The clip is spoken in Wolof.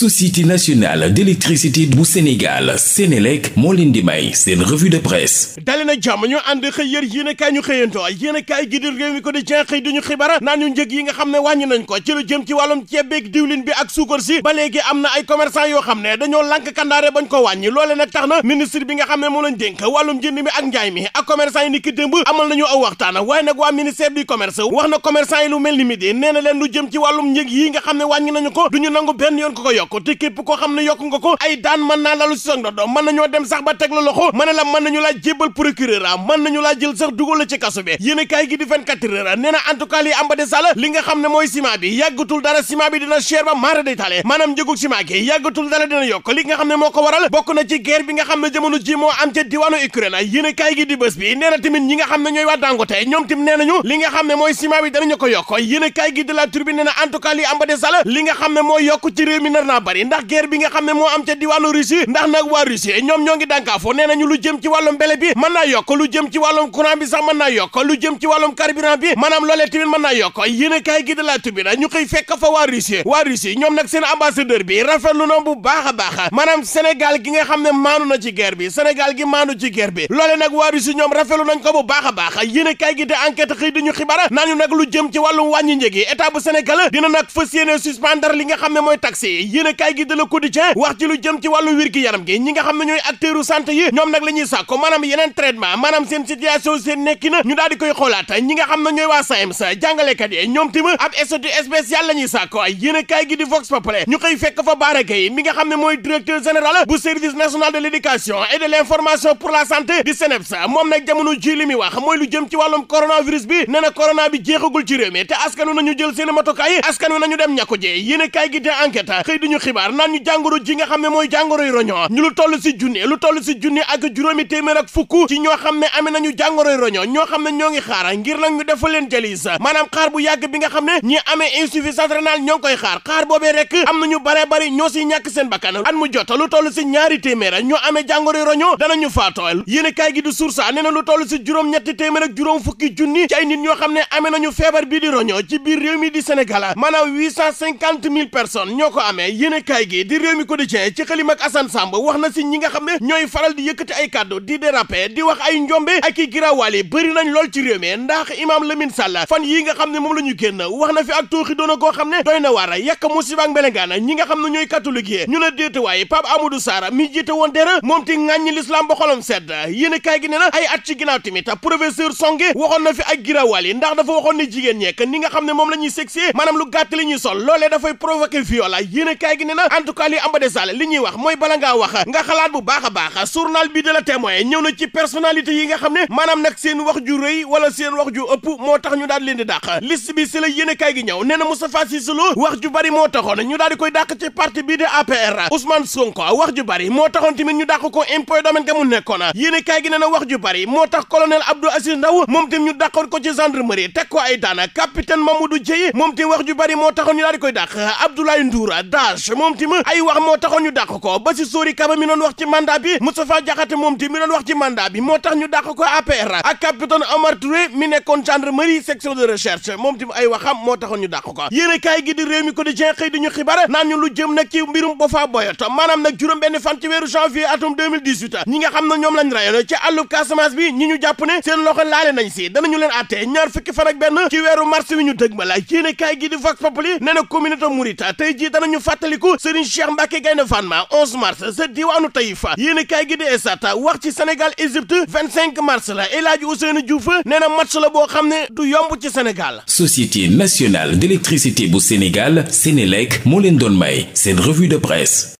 société nationale d'électricité bu Sénégal Sénélec moo leen di may seen revue de presse dali jàmm ñu ànd xëy yër yéen a ñu xëyanto yéen a kaay gi di réew mi ko di jen yi nga xam ne wàññi nañ ko ci lu jëm ci wàllum ceeb beeg diwlin bi ak suukar si ba léegi am na ay commerçant yoo xam ne dañoo lànk kandaare bañ ko wàññi loole nag tax na ministre bi nga xam ne moo lañ dénk wàllum njënd mi ak njaay mi ak commerçant yi ni démb amal nañu aw waxtaan waa ministère du commerce wax na commerçant yi lu mel ni mi di nee na leen lu jëm yi nga xam ne wàññi nañu ko duñu nangu benn yoon ko yokk te képp koo xam ne yokk nga ko ay daan mën naa lalu si sa ndodd mën nañoo dem sax ba teg la loxo mën na la mën nañu laa jébbal procureur a mën nañu laa jël sax dugal ci kaso bi yéen a kaay gi di 24 heures a nee na en tout cas li amba de sala li nga xam ne mooy ciment bi yàggatul dara ciment bi dina cher ba maara day tale maanaam njëgu ciment gi yàggatul dara dina yokk li nga xam ne moo ko waral bokk na ci guerre bi nga xam ne jamono ji moo am ca diwaanu a kaay na tamit ñi nga xam ne ñooy waa Dangote ñoom tim nee nañu li ko yokk yéen a kaay gi de li nga xam ne mooy yokk ci réew a bari ndax guerre nga xam ne moo am ca diwaanu Russie ndax nag waa Russie ñoom ñoo ngi dànkaafoo nee nañu lu jëm ci wàllum mbele bi mën yokk lu jëm ci wàllum lu jëm ci bi maanaam loolee tamit mën yokk yéen a kaay gi de la tubina ñu koy fekk fa waa Russie waa Russie ñoom nag seen ambassadeur bi rafetlu na bu baax a baax maanaam gi nga xam ne maanu na ci guerre bi gi maanu ci guerre loole nag waa Russie ñoom rafetlu nañ a baax yéen a kaay gi de enquête xëy ñu xibaar bu Sénégal dina yi yéenekaay gi de Le Quotidien wax ci lu jëm ci wàllu wér yaram gi ñi nga xam ne ñooy acteuru santé yi ñoom nag la ñuy sàkko yeneen traitement maanaam seen situation seen nekki ñu daal koy xoolaat ñi nga xam ne ñooy waa SAEMS jàngalekat yi ñoom tima ab statut spécial la ñuy sàkko yéenekaay gi di Vox ñu koy fekk fa Bara Gaye mi nga xam ne mooy directeur général bu service national de l'éducation et de l'information pour la santé di xibaar naan ñu jàngoro ji nga xam ne mooy jàngoro yu roño lu toll si junni lu toll si junni ak juróomi téeméer ak fukk ñoo xam ne amee nañu jàngoro yu roño ñoo xam ne ngi xaar ngir nag ñu defal leen jalis maanaam xaar bu yàgg bi nga xam ne ñi amee insuffisance rénale ñoo ngi koy xaar xaar boobee rek am ñu bare bari ñoo si ñàkk seen bakkan at mu jot lu toll si ñaari téeméer ñoo amee jàngoro yu roño danañu faatoo yéene kaay gi du sursa nee na lu toll si juróom ñetti téeméer ak juróom fukki junni ci ay nit ñoo xam ne amee nañu feebar bi di roño ci biir réew mi di Sénégal maanaam huit cent cinquante mille personnes ko amee yéenekaay gi di Rewmi Quotidien ci xalim ak Assane Samb wax na si ñi nga xam ne ñooy faral di yëkkati ay kàddu di déraper di wax ay njombe ak i giraawaale bëri nañ lool ci réew mi ndax imaam Lamine Sall fan yi nga xam ne moom la ñu génn wax na fi ak tooxi doona koo xam ne doy na waar a musiba ak mbelengaana ñi nga xam ne ñooy catholique yi ñu ne déetawaaye Pape Amadou Sarr mi jiite woon dara moom ti ŋàññi l'islam ba xolam sedd yéenekaay gi ne na ay at ci ginnaaw tamit professeur na fi ak giraawaale ndax dafa waxoon ne jigéen ni nga xam ne moom la ñuy sexy maanaam gàtt li sol loolee dafay provoquer viol yéenekaay kaay gi ne na en tout li ñuy wax mooy bala ngaa wax nga xalaat bu baax a baax journal bi de la témoin ñëw na ci personnalité yi nga xam ne maanaam nag seen wax ju rëy wala seen wax ju ëpp moo tax ñu daal leen di dàq liste bi si nee na Moustapha Cissé Lo wax ju moo taxoon ñu daal di koy dàq ci parti bii de APR Ousmane Sonko wax ju bari moo taxoon tamit ñu dàq ko impôt domaine ga nekkoon yéene gi nee na wax ju bari moo tax colonel Abdou Aziz Ndaw moom tam ñu dàqoon ko ci gendarmerie teg ko ay daana capitaine Mamadou Dieye moom tam wax ju bari décharge moom ti ma ay wax moo taxoon ñu dàq ko ba si sóori kaba wax ci mandat bi Moustapha Diakhaté moom ti mi wax ci mandat bi moo tax ñu dàq ko APR ak capitaine Omar Touré mi nekkoon gendarmerie section de recherche moom ti ay waxam moo taxoon ñu dàq ko yéen a kaay gi di réew mi ko di jen xëy di ñu xibaar naan ñu lu jëm nag ci mbirum Boffa Boyato maanaam nag juróom benn fan ci weeru janvier atum ñi nga xam ne ñoom lañ rayoon ci ci weeru mars fàttaliku Serigne Cheikh Mbacke Gaynde Fatma 11 mars sa diwaanu Taïfa yéen kaay gi de sata wax ci Sénégal Égypte 25 mars la El Hadji Ousseynou Diouf nee na match la boo xam ne du yomb ci Sénégal. Société nationale d'électricité bu Sénégal Sénélec moo leen doon may seen revue de presse.